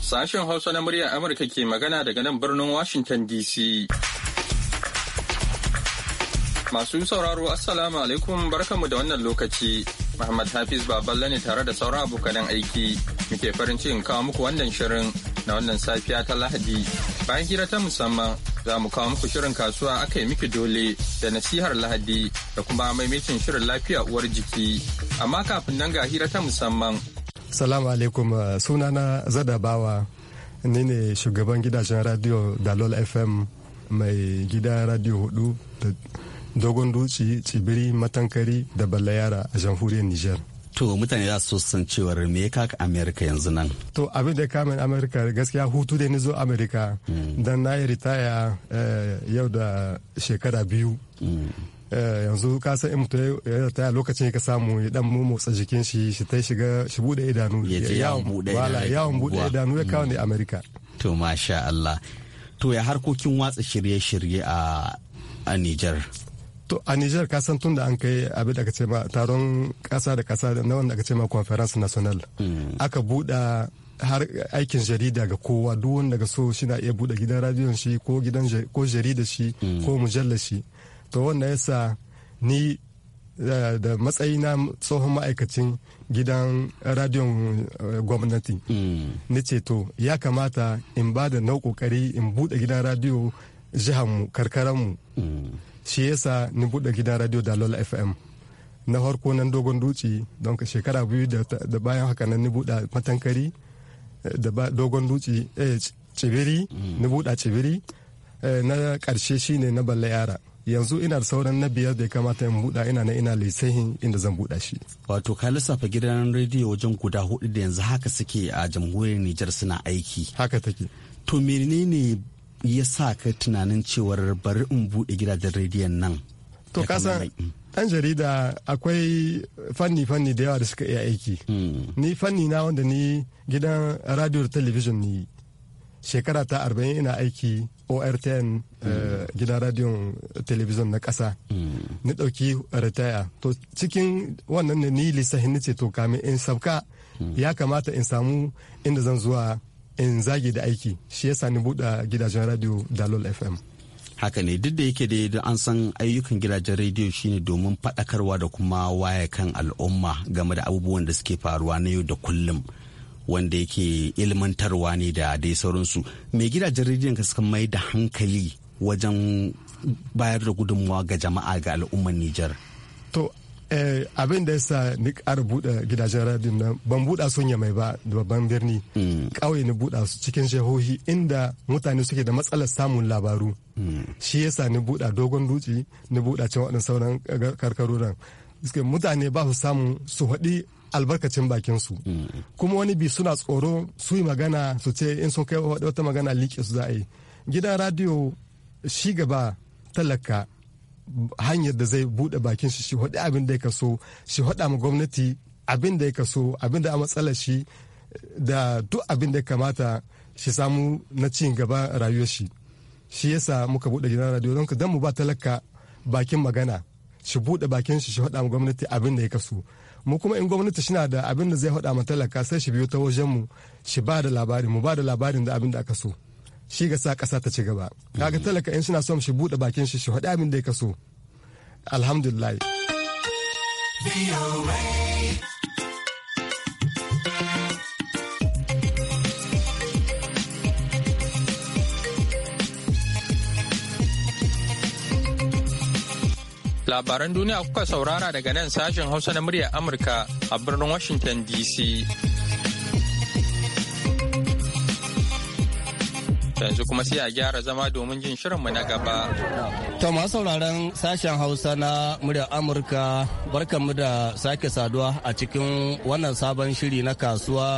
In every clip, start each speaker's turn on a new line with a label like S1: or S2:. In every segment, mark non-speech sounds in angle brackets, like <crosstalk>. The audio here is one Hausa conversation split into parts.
S1: Sashen Hausa na muryar Amurka ke magana daga nan birnin Washington DC. Masu sauraro Assalamu alaikum barkanmu da wannan lokaci. Muhammad Hafiz Baballe ne tare da sauran abokan aiki. Muke farin cikin kawo muku wannan shirin na wannan safiya ta Lahadi. Bayan hira ta musamman za mu kawo muku shirin kasuwa aka yi miki dole da nasihar lahadi da kuma maimacin shirin lafiya uwar jiki amma kafin nan ga hira ta musamman.
S2: salamu alaikum uh, sunana zadabawa ni ne shugaban gidajen radio dalol fm mai gida radio hudu da dogon duci tsibiri matankari da balayara a jamhuriyar niger
S3: to mutane za su san cewar me ya kaka amerika yanzu nan
S2: to abin da ya kama amerika gaskiya hutu da ni zo amerika hmm. dan na yi ritaya eh, yau da shekara biyu hmm. eh, yanzu ka san in mutum ya ritaya lokacin ya ka samu ya dan motsa jikin shi shi ta shiga shi bude idanu yawon bude idanu ya kawo ne hmm. amerika
S3: to masha Allah to ya harkokin watsa shirye-shirye a Nijar.
S2: a Niger ka san tun da an kai abin da aka ce ma taron kasa da kasa na wanda aka ce ma conference national mm. aka buɗa har aikin jarida ga kowa duk wanda ga so shi na iya buɗe gidan radiyon shi ko gidan ko jarida shi mm. ko mujallar shi to wanda yasa ni eh, da matsayi na tsohon ma'aikacin gidan radiyon eh, gwamnati mm. ni ce to ya kamata in ba da na kokari in buɗe gidan radiyo jihanmu mu. shi yasa ni buɗe gidan radio da lol fm na harko nan dogon duci don shekara biyu da bayan haka nan ni buɗe matankari da dogon duci eh, cibiri ni buɗe cibiri eh, na ƙarshe shine na balle yara yanzu ina da sauran na biyar da ya kamata in buɗa ina na ina lissahin inda zan buɗe shi.
S3: Wato ka lissafa gidan rediyo wajen guda hudu da yanzu haka suke a jamhuriyar Nijar suna aiki. Haka take. To menene ya sa ka tunanin cewar bari in buɗe gidajen
S2: rediyon nan to kasa dan mm. jarida akwai fanni-fanni da yawa da suka iya aiki mm. ni fanni na wanda ni gidan radio da television ni shekara ta arba'in ina aiki ortn eh, mm. gidan radiyon television na ƙasa ni ɗauki ritaya to cikin wannan ne ni lissahin ce to kamin in sabka ya kamata in samu inda zan zuwa in zage da aiki shi yasa ni buɗe gidajen radio dalol fm
S3: haka ne duk da yake da yadda an san ayyukan gidajen rediyo shine domin faɗakarwa da kuma waya kan al'umma game da abubuwan da suke faruwa na yau da kullum wanda yake ilmantarwa ne da dai sauransu mai gidajen rediyon ka suka mai da hankali wajen bayar da gudunmawa ga jama'a ga al'ummar Nijar.
S2: Eh, abin da yasa ni ƙara buɗe gidajen radin nan ban buɗa sun mai ba da babban birni mm. ƙauye ni buɗa su cikin jihohi inda mutane suke da matsalar samun labaru mm. shi yasa ni buɗa dogon dutse, ni buɗa cin waɗannan sauran karkarunan mutane ba su samu su haɗi albarkacin bakinsu mm. kuma wani bi suna tsoro su yi magana su ce in sun kai wata magana liƙe su za a yi gidan radiyo shi gaba talaka hanyar da zai buɗe bakin shi shi hudu abin da ya kaso shi hudu ma gwamnati abin da ya kaso abin da a matsala shi da duk abin da ya kamata shi samu na ci gaba rayuwar shi shi yasa muka buɗe gidan radio don don mu ba talaka bakin magana shi buɗe bakin shi shi hudu ma gwamnati abin da ya kaso mu kuma in gwamnati shi na da abin da zai hudu ma talaka sai shi biyo ta wajen mu shi ba da labari mu ba da labarin da abin da aka so. shi ga sa ƙasa ta ci gaba kaga talaka in suna son shi buɗe bakin shi shi faɗi abin da ya kaso alhamdulillah
S1: Labaran duniya kuka saurara daga nan sashen Hausa na muryar Amurka a birnin Washington DC. yanzu kuma sai a gyara zama domin jin shirinmu na gaba.
S4: To masu sauraron sashen Hausa na muryar Amurka barkanmu da sake saduwa a cikin wannan sabon shiri na kasuwa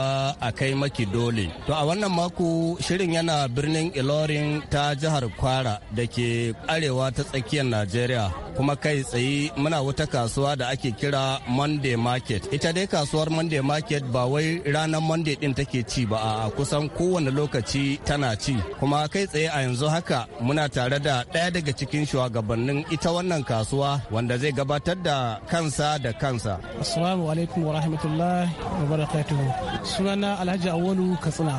S4: a kai maki dole. To a wannan mako shirin yana birnin Ilorin ta jihar Kwara da ke arewa ta tsakiyar Najeriya kuma kai tsaye muna wata kasuwa da ake kira Monday Market. Ita dai kasuwar Monday Market ba wai ranar Monday din take ci ba a kusan kowane lokaci tana ci kuma kai tsaye a yanzu haka muna tare da ɗaya daga cikin shugabannin ita wannan kasuwa wanda zai gabatar da kansa da kansa assalamu alaikum
S5: wa rahmatullahi wa barakatuhu
S4: sunana alhaji awolu katsina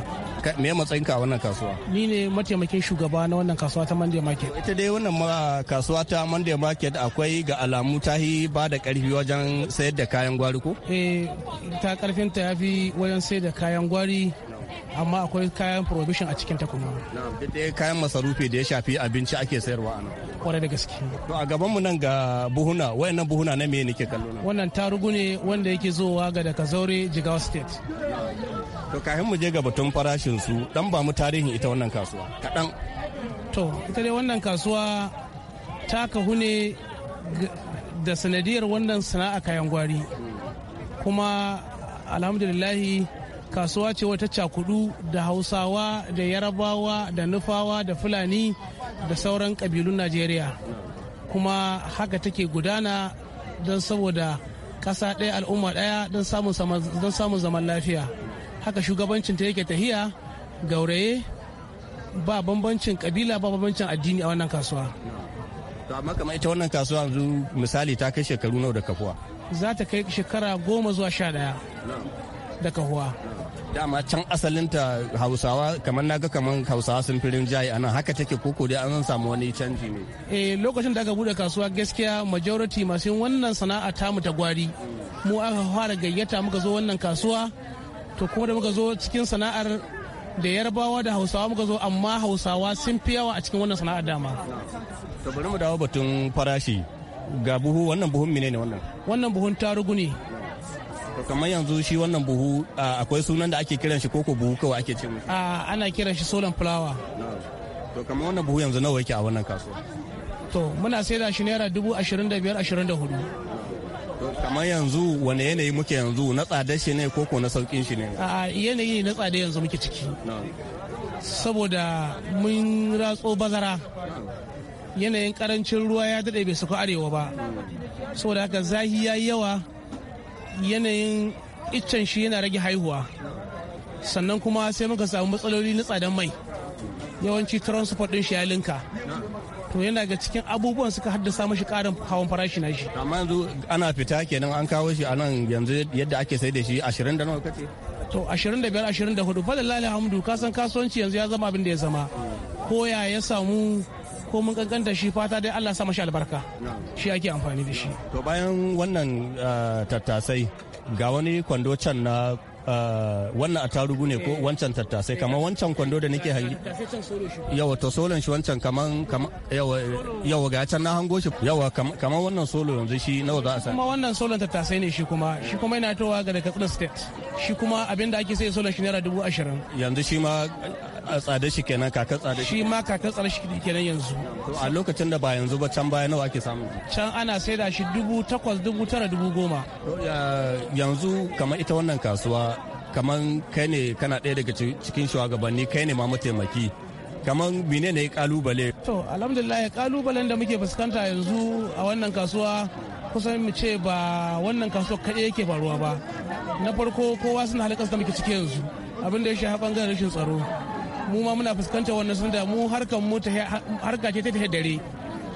S4: me matsayin ka wannan kasuwa
S5: ni ne mataimakin shugaba na wannan kasuwa ta monday market
S4: ita dai wannan kasuwa ta monday market akwai ga alamu ta yi ba da karfi wajen sayar da kayan gwari ko eh
S5: ta karfinta
S4: ya fi wajen sayar da kayan gwari amma akwai kayan
S5: provision a cikin ta kuma
S4: duk kayan masarufi da ya shafi abinci ake sayarwa ana kwarai da gaske to a gaban mu nan ga buhuna wayannan buhuna na me ne ke kallo
S5: wannan tarugu ne wanda yake zowa ga daga zaure jigawa state
S4: to kafin mu je ga batun farashin su dan ba mu tarihin ita wannan kasuwa
S5: kadan to ita dai wannan kasuwa ta kahu ne da sanadiyar wannan sana'a kayan gwari kuma alhamdulillahi kasuwa ce wata cakudu da hausawa da yarabawa da nufawa da fulani da sauran ƙabilun najeriya kuma haka take gudana don saboda ƙasa ɗaya al'umma ɗaya don samun zaman lafiya haka shugabancin ta yake tahiya gauraye ba bambancin kabila ba bambancin addini a wannan kasuwa
S4: amma kamar ita wannan kasuwa yanzu misali ta kai shekaru nawa da kafuwa
S5: za ta kai shekara goma zuwa sha daya da kahuwa
S4: dama can asalinta hausawa kamar naga kamar hausawa sun firin jayi a nan haka take koko dai an samu wani canji ne eh lokacin
S5: da aka bude kasuwa gaskiya majority masu wannan sana'a tamu ta gwari mu aka fara gayyata muka zo wannan kasuwa to kuma da muka zo cikin sana'ar da yarbawa da hausawa muka zo amma hausawa sun fi yawa a cikin wannan sana'ar dama
S4: to bari mu dawo batun farashi ga buhu wannan buhun mine ne wannan
S5: wannan buhun tarugu ne
S4: kamar yanzu shi wannan buhu akwai sunan da ake kiran shi koko buhu kawai ake ce musu ana kiran shi solan fulawa to kamar wannan buhu yanzu nawa yake a wannan kasuwa to muna
S5: saida shi naira dubu ashirin da biyar ashirin da hudu
S4: kamar yanzu wani yanayi muke yanzu na tsadar shi ne koko na saukin shi ne
S5: a yanayi na tsada yanzu muke ciki saboda mun ratso bazara yanayin karancin ruwa ya daɗe bai suka arewa ba saboda haka zahi ya yi yawa yanayin iccen shi yana rage haihuwa sannan kuma sai muka samu matsaloli na tsadan mai yawanci transport din shi ya linka to yana ga cikin abubuwan suka haddasa mashi karin hawan farashi na shi amma yanzu
S4: ana fita kenan an kawo shi a nan yanzu yadda ake sai da shi ashirin da nawa kace
S5: to 25 24 fa lillahi alhamdu ka san kasuwanci yanzu ya zama abin da ya zama ko ya ya samu ko mun kankanta shi fata dai Allah sa mashi albarka shi ake amfani da shi
S4: to bayan wannan uh, tattasai ga wani kwando can na uh, wannan atarugu ne ko eh. wancan tattasai kamar eh. wancan kwando da nake hangi yawa to solon shi wancan kamar yawa ga can na hango shi yawa kamar wannan solo yanzu shi nawa za a san kuma wannan solon tattasai ne shi kuma shi kuma yana
S5: towa ga daga katsina state shi kuma abinda ake sai solon shi naira dubu ashirin
S4: yanzu shi ma tsada shi kenan kakar tsada shi ma kakar tsada shi kenan yanzu a lokacin da ba yanzu ba can baya nawa ake samu
S5: can ana saida shi dubu takwas dubu tara dubu goma
S4: yanzu kamar ita wannan kasuwa kamar kai ne kana ɗaya daga cikin shugabanni kai ne ma mataimaki kamar mine ne kalubale to alhamdulillah kalubalen da muke fuskanta
S5: yanzu a wannan kasuwa kusan mu ce ba wannan kasuwa kaɗai yake faruwa ba na farko kowa suna halakar da muke ciki yanzu abin da ya shafi bangaren rashin tsaro mu ma muna fuskantar wannan sun da mu harkar mu harka ce ta dare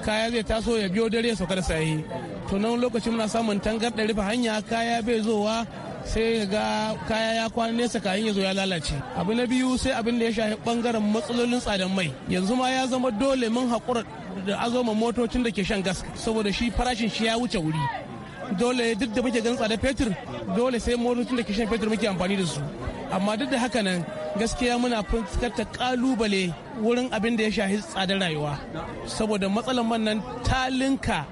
S5: kaya zai taso ya biyo dare sauka da saye to nan lokacin muna samun tangarɗa rufe hanya kaya bai zowa sai ga kaya ya kwana nesa kayan ya zo ya lalace abu na biyu sai abin da ya shafi bangaren matsalolin tsadan mai yanzu ma ya zama dole mun haƙura da azoma motocin da ke shan gas saboda shi farashin shi ya wuce wuri dole duk da muke gan tsadar fetur dole sai motocin da ke shan fetur muke amfani da su amma duk da haka nan gaskiya muna fuskantar kalubale wurin abin da ya shahi tsadar rayuwa saboda matsalar man nan talinka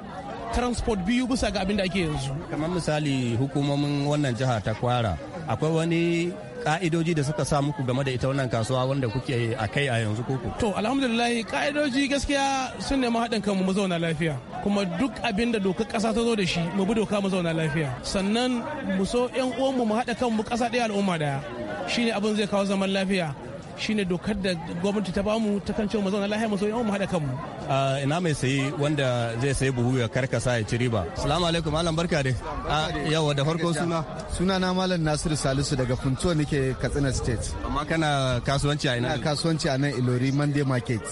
S5: transport biyu bisa ga abin da ake yanzu
S4: kamar misali hukumomin wannan jiha ta kwara akwai wani ka'idoji da suka sa muku game da ita wannan kasuwa wanda kuke a kai a yanzu koko to alhamdulillah ka'idoji gaskiya sun nemi haɗin kanmu mu zauna lafiya
S5: kuma duk abin da dokar ƙasa ta zo da shi mu bi doka mu zauna lafiya sannan mu so yan uwanmu mu haɗa kanmu ƙasa ɗaya al'umma ɗaya shine abin zai kawo zaman lafiya shine dokar
S4: da gwamnati ta bamu ta kan cewa mu zauna lafiya mu so mu haɗa kanmu ina mai sayi wanda zai sayi buhu ya karkasa ya ci riba salamu alaikum malam barka dai yawa da farko suna
S6: suna na malam nasiru salisu daga funtuwa nake katsina state
S4: amma kana kasuwanci a ina
S6: kasuwanci a nan ilori monday market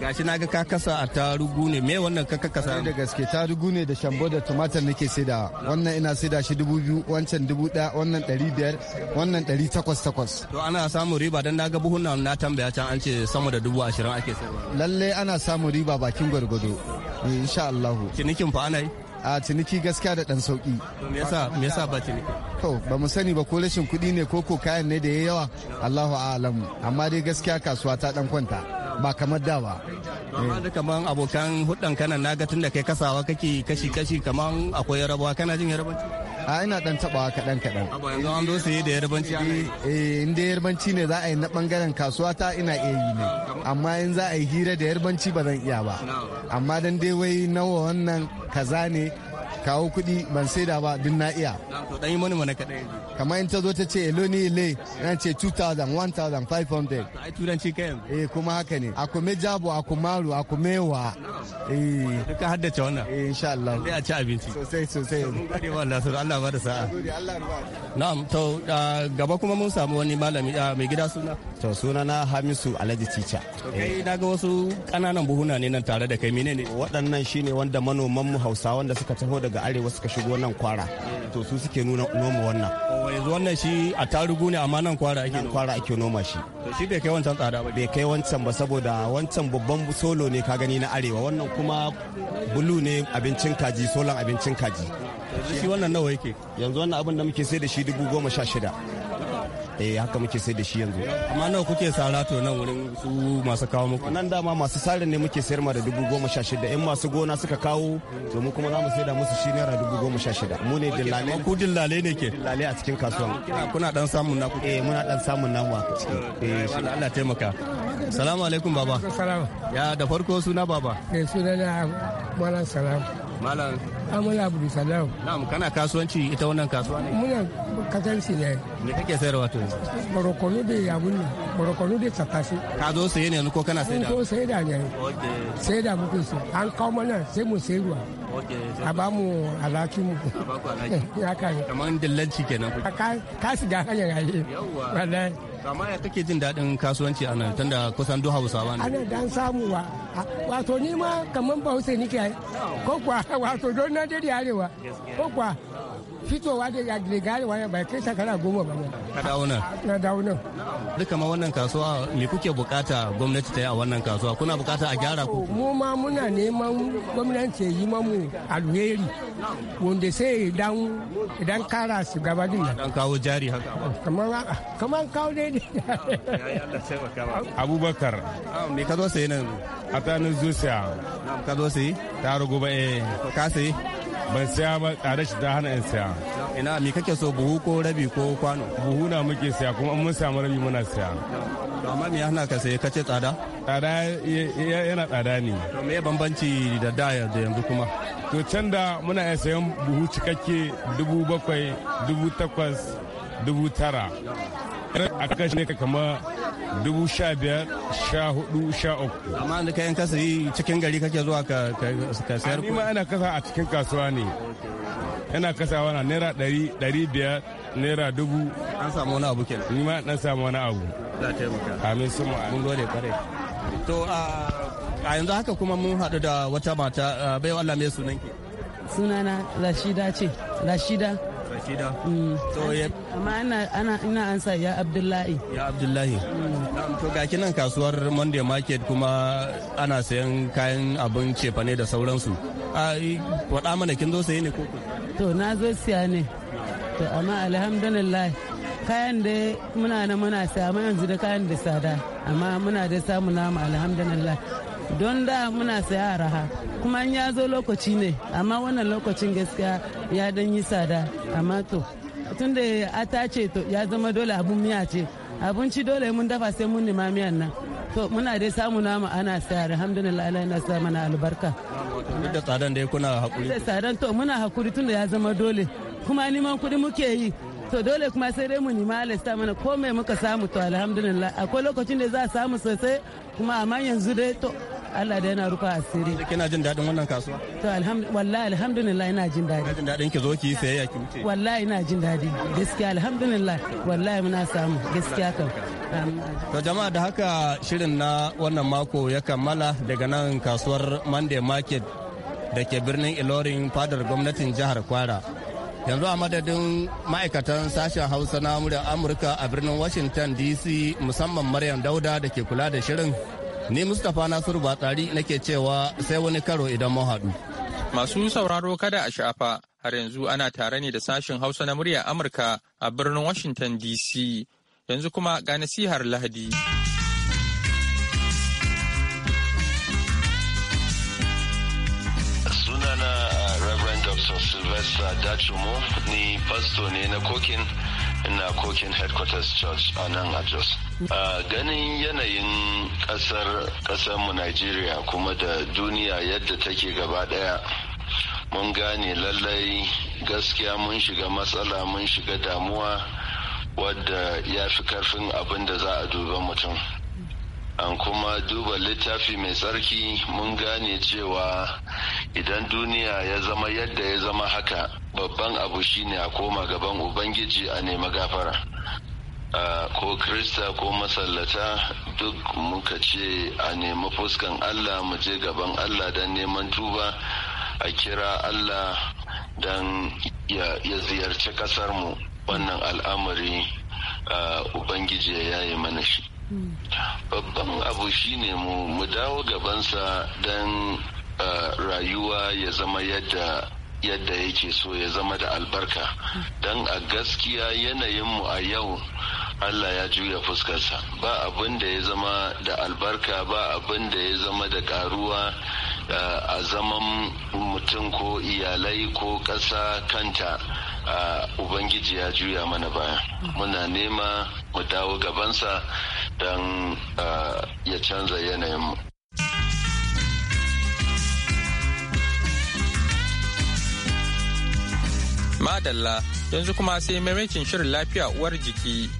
S4: gashi na ga ka kasa a tarugu ne me wannan ka kasa
S6: da gaske tarugu ne da shambo da tumatir nake saida wannan ina saida shi dubu biyu wancan dubu ɗaya wannan ɗari biyar wannan ɗari takwas takwas
S4: to ana samun riba don na ga buhun na tambaya can an ce sama da dubu ashirin ake sayarwa
S6: lallai ana samun riba bakin gwargwado eh, insha Allahu cinikin fa ana yi a ciniki gaskiya da dan sauki me yasa me yasa ba ciniki to ba mu sani ba ko rashin kuɗi ne ko ko kayan ne da ya yawa Allahu a'lamu amma dai gaskiya kasuwa ta dan kwanta ba kamar da ba
S4: amma da kaman abokan hudan kana naga tun da kai kasawa kake kashi kashi kaman akwai yarabawa kana jin yarabanci a ina dan tabawa kaɗan kaɗan yanzu an dosa yi da yarbanci
S6: eh in da yarbanci ne za a yi na bangaren kasuwa ta ina iya yi ne ah, amma in za a yi hira da yarbanci ba zan iya ba amma dan dai wai nawa wannan kaza ne kawo kuɗi ban da ba duk na iya
S4: dan yi mani mana kaɗai
S6: kamar in ta zo ta ce ni le na ce 2000 1500 ai turanci kayan eh kuma haka ne akume jabo akumaru akumewa eh ka haddace
S4: wannan eh insha Allah sai a ci abinci sosai sosai gode wa Allah Allah ba da sa'a na'am to gaba kuma mun samu wani malami mai gida suna to suna na Hamisu Alhaji Cica kai na ga wasu kananan buhuna ne nan tare da kai menene waɗannan shine wanda manoman mu Hausa wanda suka taho daga daga arewa suka shigo nan kwara to su suke noma wannan oh, yanzu wannan shi a tarugu ne amma nan kwara ake kwara ake noma shi to shi bai kai wancan tsada ba bai kai wancan ba saboda wancan babban solo ne ka gani na arewa wannan kuma bulu ne abincin kaji solan abincin kaji yanzu shi wannan nawa yake yanzu wannan abin da muke sai da shi dubu goma sha shida eh haka muke sai da shi yanzu amma nawa kuke sara to nan wurin su masu kawo muku nan dama masu sare ne muke sayar ma da dubu goma sha shida in masu gona suka kawo to mu kuma zamu saida musu shi naira dubu goma sha shida mu ne dillale ku dillale ne ke dillale a cikin kasuwan kuna dan samun ku eh muna dan samun nan wa. Cikin eh, eh Allah taimaka
S7: salamu alaikum baba
S4: ya da farko suna baba
S7: eh suna na malam salam Malam. Amina ah, Abdul Salam.
S4: Na'am kana kasuwanci ita wannan kasuwa ne?
S7: Muna katanci ne.
S4: Me kake sayarwa to yanzu?
S7: Barokonu da abun nan. Barokonu da takashi.
S4: Ka zo saye ne ko kana saida? Ko
S7: saida ne. Okay. Saida da muke so. An kawo mana sai mu sayarwa. a ba mu alaki mu A ba
S4: ku alaki. <laughs> ya kai. kamar dillanci kenan
S7: ka ka shiga hanyar ayi wallahi
S4: amma ya take jin daɗin kasuwanci a nan tunda kusan duk hausawa ne ana
S7: dan samu wa wato ni ma kaman bahaushe nike ko kwa wato don na dade arewa ko kwa fitowa da gari waya bai kai shekara goma ba ka dawo nan na dauna.
S4: duka ma wannan kasuwa me kuke bukata gwamnati ta yi a wannan kasuwa kuna bukata a gyara ku
S7: mu ma muna neman gwamnati yi mamu alheri wanda sai idan idan kara su gaba din nan
S4: dan kawo jari haka
S7: kaman kaman kawo dai
S4: abubakar ah, me ka zo sai nan a ta zuciya ka zo sai ta rugu ba eh ka sai ban saya ba tare shi ta hana yan saya ina mi kake so buhu ko rabi ko kwano buhu na muke saya kuma mun samu rabi muna saya amma me yana ka sai kace tsada tsada yana tsada ne to me bambanci da da da yanzu kuma
S8: to can da muna iya sayan buhu cikakke dubu bakwai dubu takwas dubu tara a kashi ne kama dubu sha biyar
S4: sha hudu sha uku. Amma da kayan kasari cikin gari kake zuwa ka sayar ku? ana kasa a cikin kasuwa ne. Yana kasa wana naira ɗari dari biyar naira dubu. An samu wani abu kenan. Ni ma ɗan samu wani abu. Za taimaka. Amin su Mun gode kwarai. To a yanzu haka kuma mun haɗu da wata mata bai Allah mai sunan ki. Sunana
S9: Rashida ce. Rashida
S4: rashida mm. to ya
S9: amma ana ana ina an sa ya abdullahi
S4: ya abdullahi mm. to ga kinan kasuwar monday market kuma ana sayan kayan abin cefane da sauransu a faɗa mana kin zo saye ne ko
S9: to na zo siya ne to amma alhamdulillah kayan da muna na muna saya amma yanzu da kayan da tsada amma muna da samu namu alhamdulillah don da muna saya raha kuma ya zo lokaci ne amma wannan lokacin gaskiya ya dan yi sada amma to tun da ata ce to ya zama dole abun miya ce abinci dole mun dafa sai mun nima miyan nan to muna dai samu namu ana saya alhamdulillah Allah yana sa mana albarka
S4: duk da tsadan da kuna hakuri da
S9: tsadan to muna hakuri tun da ya zama dole kuma neman kuɗi muke yi to dole kuma sai dai mu nima ya mana ko mai muka samu to alhamdulillah akwai lokacin da za a samu sosai kuma amma yanzu dai to Allah da yana rufa asiri
S4: kina jin daɗin wannan kasuwa
S9: to wallahi alhamdulillah ina jin daɗi
S4: jin daɗin ki zo ki sayayya ki wuce
S9: wallahi ina jin daɗi gaskiya alhamdulillah wallahi muna samu gaskiya kan
S4: to jama'a da haka shirin na wannan mako ya kammala daga nan kasuwar Monday Market da ke birnin Ilorin fadar gwamnatin jihar Kwara yanzu a madadin ma'aikatan sashen hausa na muryar amurka a birnin washington dc musamman maryam dauda da ke kula da shirin Ni Mustapha Nasiru Batsari nake cewa sai wani karo idan mun haɗu.
S1: Masu sauraro kada a shafa har yanzu ana tare ne da sashen Hausa na murya Amurka a birnin Washington DC. Yanzu kuma ga nasihar Lahadi.
S10: Sunana Reverend Dr. Sylvester Dachumo ni pasto ne na kokin ina kokin headquarters church a nan a jos A ganin yanayin kasar mu nigeria kuma da duniya yadda take gaba daya mun gane lallai gaskiya mun shiga matsala mun shiga damuwa wadda ya fi karfin abin da za a duba mutum an kuma duba littafi mai tsarki mun gane cewa idan duniya ya zama yadda ya zama haka babban abu shine a koma gaban ubangiji a nema gafara ko krista ko masallata duk muka ce a nemi fuskan allah mu je gaban allah don neman tuba a kira allah don ya ziyarci kasarmu wannan al'amari ubangiji ya yaye mana shi babban abu shine mu mu dawo gabansa don uh, rayuwa ya zama yadda yadda yake so ya zama da albarka don a gaskiya yanayin mu a yau Allah ya juya fuskarsa ba abin da ya zama da albarka ba abin da ya zama da karuwa a zaman mutum ko iyalai ko ƙasa kanta ubangiji ya juya mana baya muna nema mu dawo gabansa don ya canza yanayin mu.
S1: madalla yanzu kuma sai maimakin shirin lafiya uwar jiki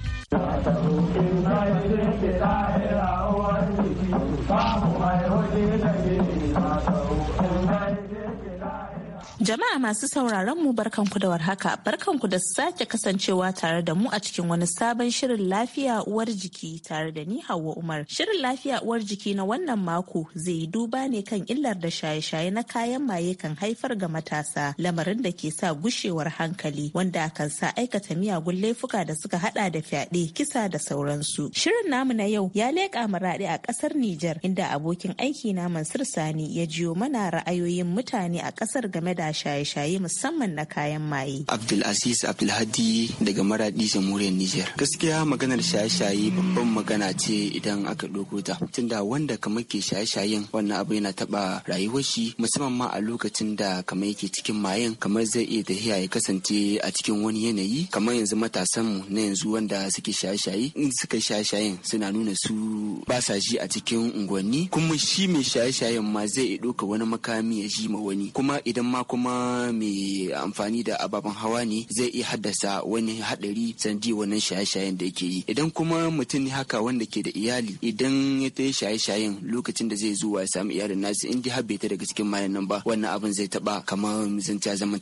S11: Jama'a masu sauraron mu barkanku da warhaka, barkanku da sake kasancewa tare da mu a cikin wani sabon shirin lafiya uwar jiki tare da ni Hauwa Umar. Shirin lafiya uwar jiki na wannan mako zai yi duba ne kan illar da shaye-shaye na kayan maye kan haifar ga matasa, lamarin da ke sa gushewar hankali wanda kan sa aikata miyagun laifuka da suka hada da fyaɗe, kisa da sauransu. Shirin namu na yau ya leƙa maraɗi a ƙasar Nijar inda abokin aiki na Mansur Sani ya jiyo mana ra'ayoyin mutane a ƙasar game da shaye-shaye musamman na kayan maye.
S12: Abdulaziz Abdulhadi daga Maradi Jamhuriyar Nijar. Gaskiya maganar shaye-shaye babban magana ce idan aka ɗauko ta. Tunda wanda kamar ke shaye-shayen wannan abu yana taɓa rayuwar shi musamman ma a lokacin da kamar yake cikin mayen kamar zai iya tafiya ya kasance a cikin wani yanayi kamar yanzu matasanmu na yanzu wanda suke shaye-shaye in suka shaye-shayen suna nuna su ba sa ji a cikin unguwanni kuma shi mai shaye-shayen ma zai iya ɗauka wani makami ya ji ma wani kuma idan ma kuma kuma mai amfani da ababen hawa ne zai iya haddasa wani haɗari sanji wannan shaye-shayen da yake yi idan kuma mutum ne haka wanda ke da iyali idan ya ta yi shaye-shayen lokacin da zai zuwa ya samu iyalin nasu in dai habbe ta daga cikin mayan nan ba wannan abin zai taba kamar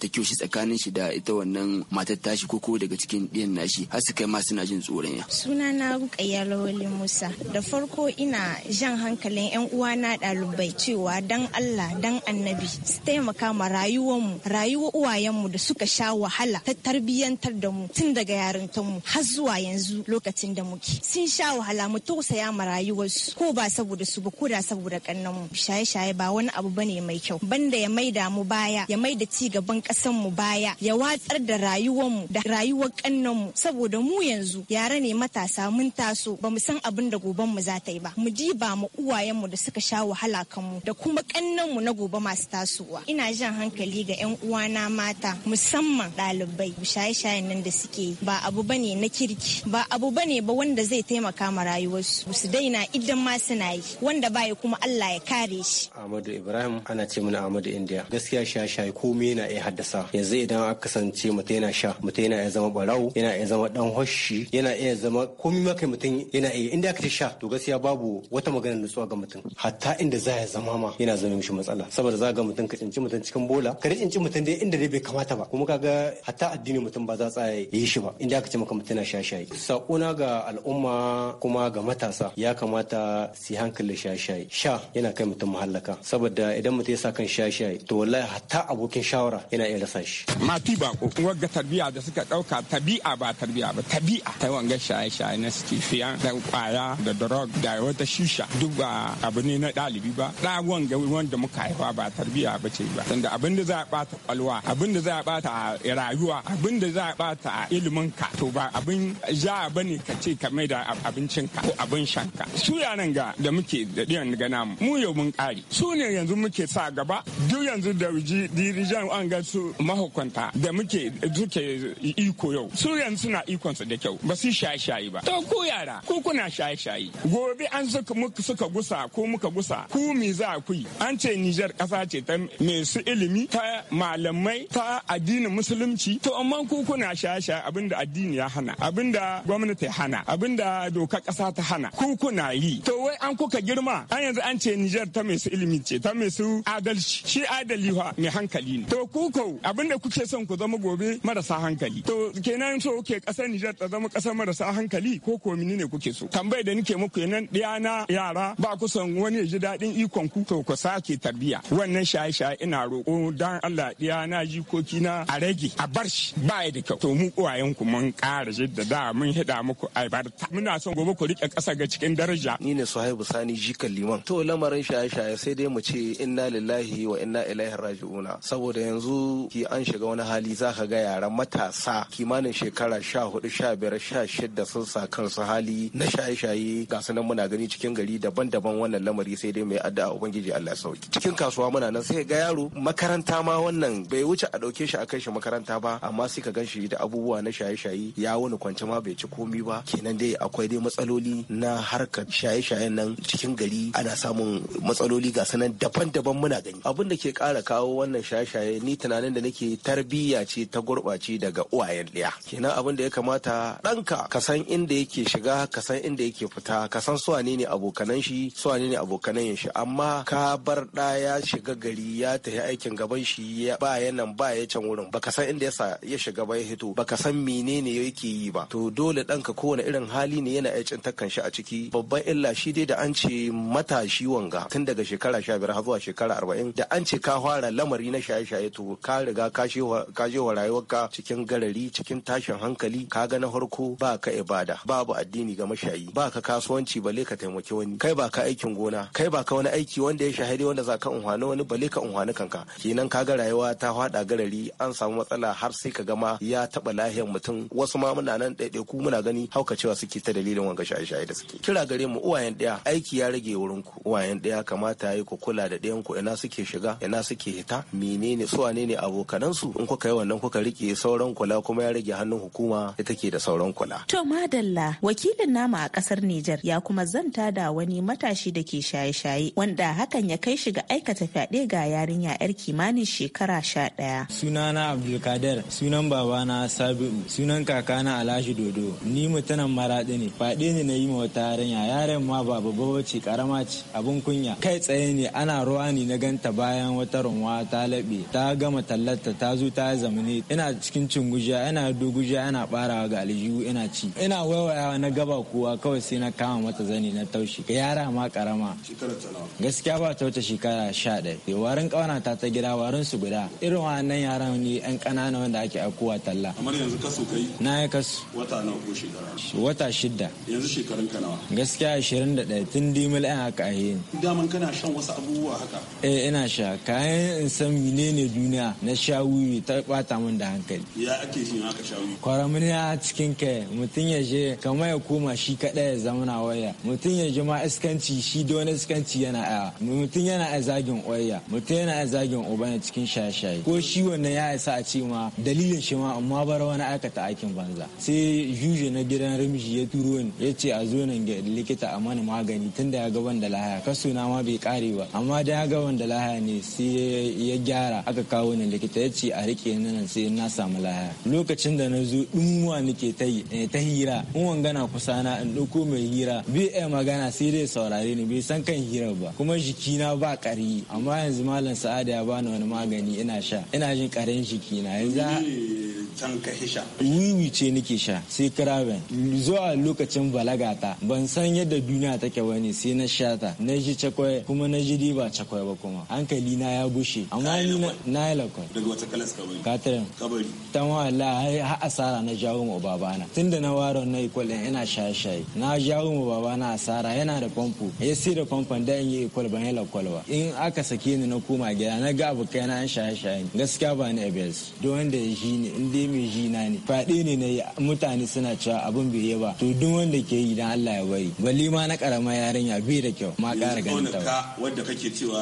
S12: ta kyau shi tsakanin shi da ita wannan matar tashi koko daga cikin ɗiyan nashi har su kai ma suna jin tsoron ya.
S11: sunana rukayya lawali musa da farko ina jan hankalin yan uwa na ɗalibai cewa dan allah dan annabi su taimaka ma rayuwar mu rayuwar uwayenmu da suka sha wahala ta tarbiyyantar da mu tun daga mu har zuwa yanzu lokacin da muke sun sha wahala mu tausaya ma rayuwarsu ko ba saboda su ba ko da saboda kannanmu shaye-shaye ba wani abu bane mai kyau banda ya maida mu baya ya maida ci gaban ƙasar mu baya ya watsar da rayuwarmu da rayuwar kannanmu saboda mu yanzu yare ne matasa mun taso ba mu san abin da goban mu za ta yi ba mu ji ma uwayenmu da suka sha wahala kanmu da kuma kannanmu na gobe masu tasowa ina jan hankali hankali ga 'yan uwana mata musamman ɗalibai shaye-shayen nan da suke ba abu bane na kirki ba abu bane ba wanda zai taimaka ma rayuwarsu su daina idan ma suna yi wanda baya kuma Allah ya kare shi.
S13: Ahmadu Ibrahim ana ce mana Ahmadu India gaskiya shaye-shaye komai yana iya haddasa yanzu idan aka kasance mutum yana sha mutum yana iya zama barau yana iya zama dan hoshi yana iya zama komai ma kai mutum yana iya inda aka sha to gaskiya babu wata magana nutsuwa ga mutum hatta inda za ya zama ma yana zama mishi matsala saboda za ga mutum ka cinci mutum cikin bola ka rashin cin mutum dai inda dai bai kamata ba kuma kaga hatta addini mutum ba za a yi shi ba inda aka ce maka mutum na shashaye sakona ga al'umma kuma ga matasa ya kamata su hankali shaye. sha yana kai mutum mahallaka saboda idan mutum ya sa kan shaye. to wallahi hatta abokin shawara yana iya rasa shi
S8: mati ba ko wagga tarbiya da suka dauka tabi'a ba tarbiya ba tabi'a ta wanga shaye shaye na fiya da kwaya da drug da wata shisha duk ba abu ne na dalibi ba da wanga wanda muka haifa ba tarbiya ba ce ba tunda abin da za za a bata kwalwa abin da za a bata rayuwa abin da za a bata a ilimin ka to ba abin za a bane ka ce ka mai da abincin ka ko abin shanka su yaran ga da muke da diyan ga namu mu yau mun kare su ne yanzu muke sa gaba duk yanzu da wuji dirijan an ga su mahukunta da muke duke iko yau su yanzu suna ikon su da kyau ba su shaye shaye ba to ku yara ku kuna shaye shaye gobe an suka muka suka gusa ko muka gusa ku me za ku yi an ce Niger kasa ce ta me su ilimi ta malamai ta addinin musulunci to amma ku kuna shasha abinda addini ya hana abinda gwamnati hana abinda doka kasa ta hana ku kuna yi to wai an kuka girma an yanzu an ce Nijar ta mai su ilimi ce ta mai su adalci shi adali fa mai hankali ne to ku ko abinda kuke son ku zama gobe marasa hankali to kenan so ke kasar Nijar ta zama kasar marasa hankali ko ko ne kuke so tambayar da nake muku kenan na yara ba ku son wani ya ji daɗin ikon ku to ku sake tarbiya wannan shaye-shaye ina roƙo dan Allah ya na jikoki na a rage a bar shi ba ya da kyau to mu uwayen ku mun ƙara jaddada mun hida muku albarta muna son gobe ku rike kasa ga cikin daraja ni ne Suhaibu Sani
S14: jikan liman to lamarin shaye-shaye sai dai mu ce inna lillahi wa inna ilaihi raji'una saboda yanzu ki an shiga wani hali za ka ga yaran matasa kimanin shekara sha hudu sha biyar sha shida sun sa kansu hali na shaye-shaye ga sanan muna gani cikin gari daban-daban wannan lamari sai dai mai addu'a ubangiji Allah ya sauki cikin kasuwa muna nan sai ga yaro makaranta ma wannan bai wuce a ɗauke shi a kai shi makaranta ba amma sai ka gan shi da abubuwa na shaye-shaye ya wani kwance ma bai ci komi ba kenan dai akwai dai matsaloli na harkar shaye-shayen nan cikin gari ana samun matsaloli ga sanan daban-daban muna gani abin da ke ƙara kawo wannan shaye-shaye ni tunanin da nake tarbiyya ce ta gurɓace daga uwayen ɗaya kenan abin da ya kamata ɗanka ka san inda yake shiga ka san inda yake fita ka san su ne abokanan shi su ne abokanan shi amma ka bar ɗaya shiga gari ya tafi aikin gaban shi shi ya ba yanan ba ya can wurin baka san inda yasa ya shiga ba ya hito baka san menene ya yake yi ba to dole ɗanka kowane irin hali ne yana aicin takan shi a ciki babban illa shi dai da an ce matashi wanga tun daga shekara sha biyar har zuwa shekara arba'in da an ce ka fara lamari na shaye-shaye to ka riga ka je wa rayuwarka cikin garari cikin tashin hankali ka ga na farko ba ka ibada babu addini ga mashayi ba ka kasuwanci bale ka taimaki wani kai ba ka aikin gona kai ba ka wani aiki wanda ya shahari wanda za ka unhwani wani bale ka unhwani kanka kenan ka ga rayuwa ta hada garari an samu matsala har sai ka gama ya taɓa lahiyar mutum wasu ma muna nan ku muna gani cewa suke ta dalilin wanga shaye-shaye da suke kira gare mu uwayen ɗaya aiki ya rage wurin ku uwayen ɗaya kamata yi ku kula da ɗayan ku ina suke shiga ina suke hita menene su wane ne abokanan su in kuka yi wannan kuka rike sauran kula kuma ya rage hannun hukuma ita ke da sauran kula
S11: to madalla wakilin nama a kasar Nijar ya kuma zanta da wani matashi da ke shaye-shaye wanda hakan ya kai shi ga aikata fyaɗe ga yarinya yar kimanin shekara sha ɗaya.
S13: Sunana Abdulkader, sunan babana Sabi'u, sunan kakana Alhaji Dodo, ni mutanen maraɗi ne, faɗi ne na yi ma wata yarinya, yaren ma ba babba ce ƙarama ce abin kunya. Kai tsaye ne ana ruwa ne na ganta bayan wata runwa ta laɓe, ta gama tallata ta zo ta zamani ina cikin cingujiya ina dogujiya ina ɓarawa ga aljihu ina ci. Ina waiwayawa na gaba kowa kawai sai na kama mata zani na taushi. ga yara ma karama. Gaskiya ba ta wata shekara sha ɗaya. Warin ƙawana ta ta gida warin yaren su guda irin wannan yaran ne yan kanana wanda ake aikowa talla kamar yanzu kasu kai na ya kasu wata nawa ko shekara wata shida yanzu shekarun ka nawa gaskiya ashirin da ɗaya tun dimil ɗin haka a yi
S5: daman kana shan wasu abubuwa haka
S13: eh ina sha kayan in san menene duniya na sha wuyi ta bata min da hankali ya ake shi haka sha wuyi kwaramuni a cikin kai mutum ya je kamar ya koma shi kaɗai ya zama na waya mutum ya je ma iskanci shi da wani iskanci yana aya mutum yana a zagin waya mutum yana a zagin ubana cikin shaye-shaye ko shi wannan ya isa a ce ma dalilin shi ma amma bara wani aikata aikin banza sai juje na gidan rimshi ya turo ni ya ce a zo nan ga likita a mana magani tunda ya ga wanda lahaya kaso na ma bai kare ba amma da ya ga wanda lahaya ne sai ya gyara aka kawo ni likita ya ce a rike ni nan sai na samu lahaya lokacin da na zo dumuwa nake ta eh, ta hira in wangana kusa na in ɗauko mai hira bai iya magana sai dai saurare ni bai san kan hirar ba kuma jikina ba ƙari amma yanzu malam sa'ada ya bani wani magani ina sha ina jin karen jiki na yanzu can ka hisha wiwi ce nake sha sai kraben zuwa lokacin balaga balagata ban san yadda duniya take wani sai na sha ta na ji cakwai kuma na ji ba cakwai ba kuma hankali na ya bushe amma ni na yi lakwai daga wata kalas bari. katrin kabari ta wallahi har asara na jawo ma babana tunda na waro na ikwal ina sha shaye na jawo ma babana asara yana da famfo ya sai da famfon da in yi ikwal ban yi lakwal ba in aka sake ni na koma gida na ga abokai na an gaskiya ba ni abes don da ya shi ne in dai 因为云南。faɗi ne na yi mutane suna cewa abin bai yi ba to duk wanda ke yi dan Allah ya bari bali na karama yarinya bai da kyau ma kara ganin ta
S4: wanda kake cewa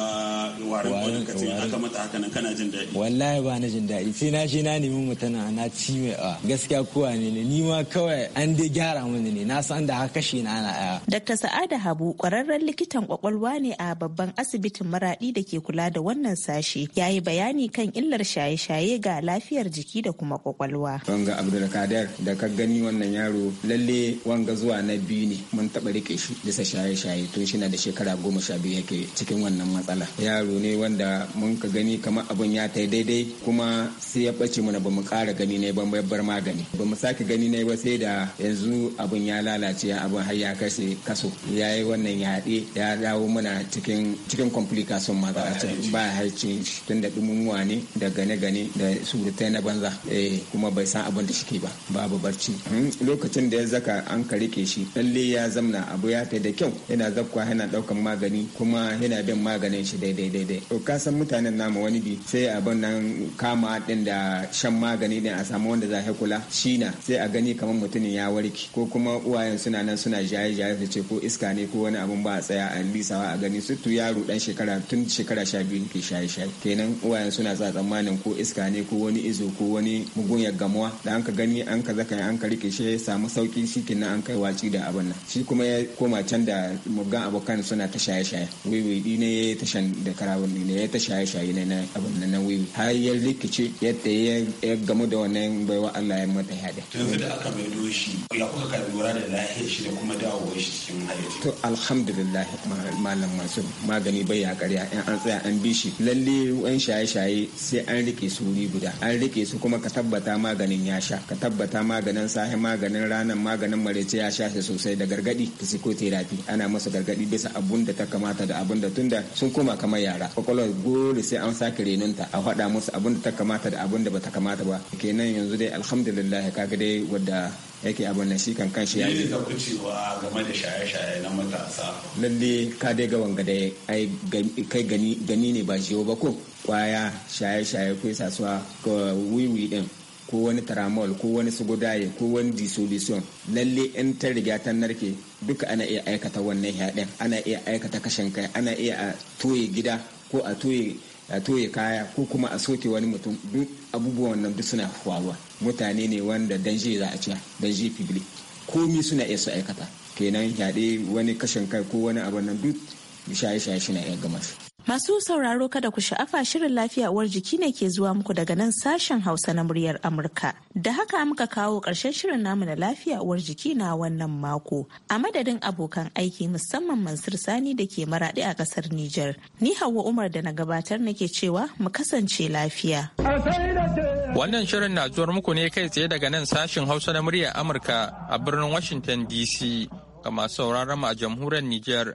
S4: warin wani ka ce aka mata haka nan kana jin daɗi
S13: wallahi ba na jin daɗi sai na je na nemi mutan na ci mai a gaskiya kowa ne ne ni ma kawai an dai gyara mini ne na san da haka shi na ana aya
S11: Dr. Sa'ada Habu kwararren likitan kwakwalwa ne a babban asibitin maradi da ke kula da wannan sashi yayi bayani kan illar shaye-shaye ga lafiyar jiki da kuma kwakwalwa.
S15: Abdul abdulkader da ka gani wannan yaro lalle wanga zuwa na biyu ne mun taba rike shi bisa shaye-shaye tun shi na da shekara goma sha biyu yake cikin wannan matsala yaro ne wanda mun ka gani kamar abun ya ta daidai kuma sai ya ɓace mana ba mu ƙara gani ne ban bar magani ba mu sake gani ne ba sai da yanzu abun ya lalace abun har ya kashe kaso ya yi wannan yaɗe ya dawo mana cikin cikin complication ma a ce ba haicin tun da ɗumin wani da gane-gane da surutai na banza eh, kuma bai san abin da suke ba babu barci hmm, lokacin da ya zaka an ka rike shi lalle ya zamna abu ya ta da kyau yana zakwa yana daukan magani kuma yana bin maganin shi daidai daidai to ka san mutanen namu wani bi sai abin nan kama din da shan magani din a samu wanda za kula shi na sai a gani kamar mutumin ya warke ko kuma uwayen suna nan suna jaye jaye su ce ko iska ne ko wani abun ba a tsaya a lisawa a gani sutu yaro dan shekara tun shekara sha biyu ke shaye shaye kenan uwayen suna sa tsammanin ko iska ne ko wani izo ko wani mugun gamuwa. da an ka gani an ka zaka an ka rike shi ya samu sauki shi nan an kai waci da abin nan shi kuma ya koma can da mugan abokan suna ta shaye shaye wiwi din ne ya ta shan da karabun ne ya ta shaye shaye ne na abin nan na wiwi har ya rikice yadda ya gamu da wannan baiwa Allah ya mata hada yanzu da aka maido shi ya kuka ka lura da lafiyar shi da kuma dawowar shi cikin hayyaci to alhamdulillah malam masu magani bai ya karya in an tsaya an bi shi lalle wani shaye shaye sai an rike su wuri guda an rike su kuma ka tabbata maganin ya sha ka tabbata maganin sahi maganin ranar maganin marece ya sha shi sosai da gargadi psychotherapy ana masa gargadi bisa abun da ta kamata da abun da tunda sun koma kamar yara kwakwalwar gori sai an sake ta a faɗa musu abun da ta kamata da abun da bata kamata ba kenan yanzu dai alhamdulillah kaga dai wadda yake abin da shi kan kanshi ya yi da
S4: kucewa game da shaye-shaye na matasa
S15: lalle ka dai ga wanga dai ai kai gani ne ba jiyo ba ko kwaya shaye-shaye ko sasuwa ga wiwi din ko wani taramol ko wani sugudaye ko wani disolution lalle in ta riga ta narke duka ana iya aikata wannan yaɗin ana iya aikata kashin kai ana iya a toye gida ko a toye a toye kaya ko kuma a soke wani mutum duk abubuwan nan duk suna faruwa mutane ne wanda danje za a ce danje public komi suna iya su aikata kenan yaɗe wani kashin kai ko wani abu nan duk shaye-shaye suna iya gama su.
S11: Masu sauraro kada ku sha'afa shirin lafiya uwar jiki ne ke zuwa muku daga nan sashen Hausa na muryar Amurka. Da haka muka kawo ƙarshen shirin namu na lafiya uwar jiki na wannan mako. A madadin abokan aiki musamman Mansur Sani da ke maraɗi a ƙasar Nijar. Ni Hauwa Umar da na gabatar nake cewa mu kasance lafiya.
S1: Wannan shirin na zuwar muku ne kai tsaye daga nan sashen Hausa na muryar Amurka a birnin Washington DC. Ga masu sauraron mu a jamhuriyar Nijar.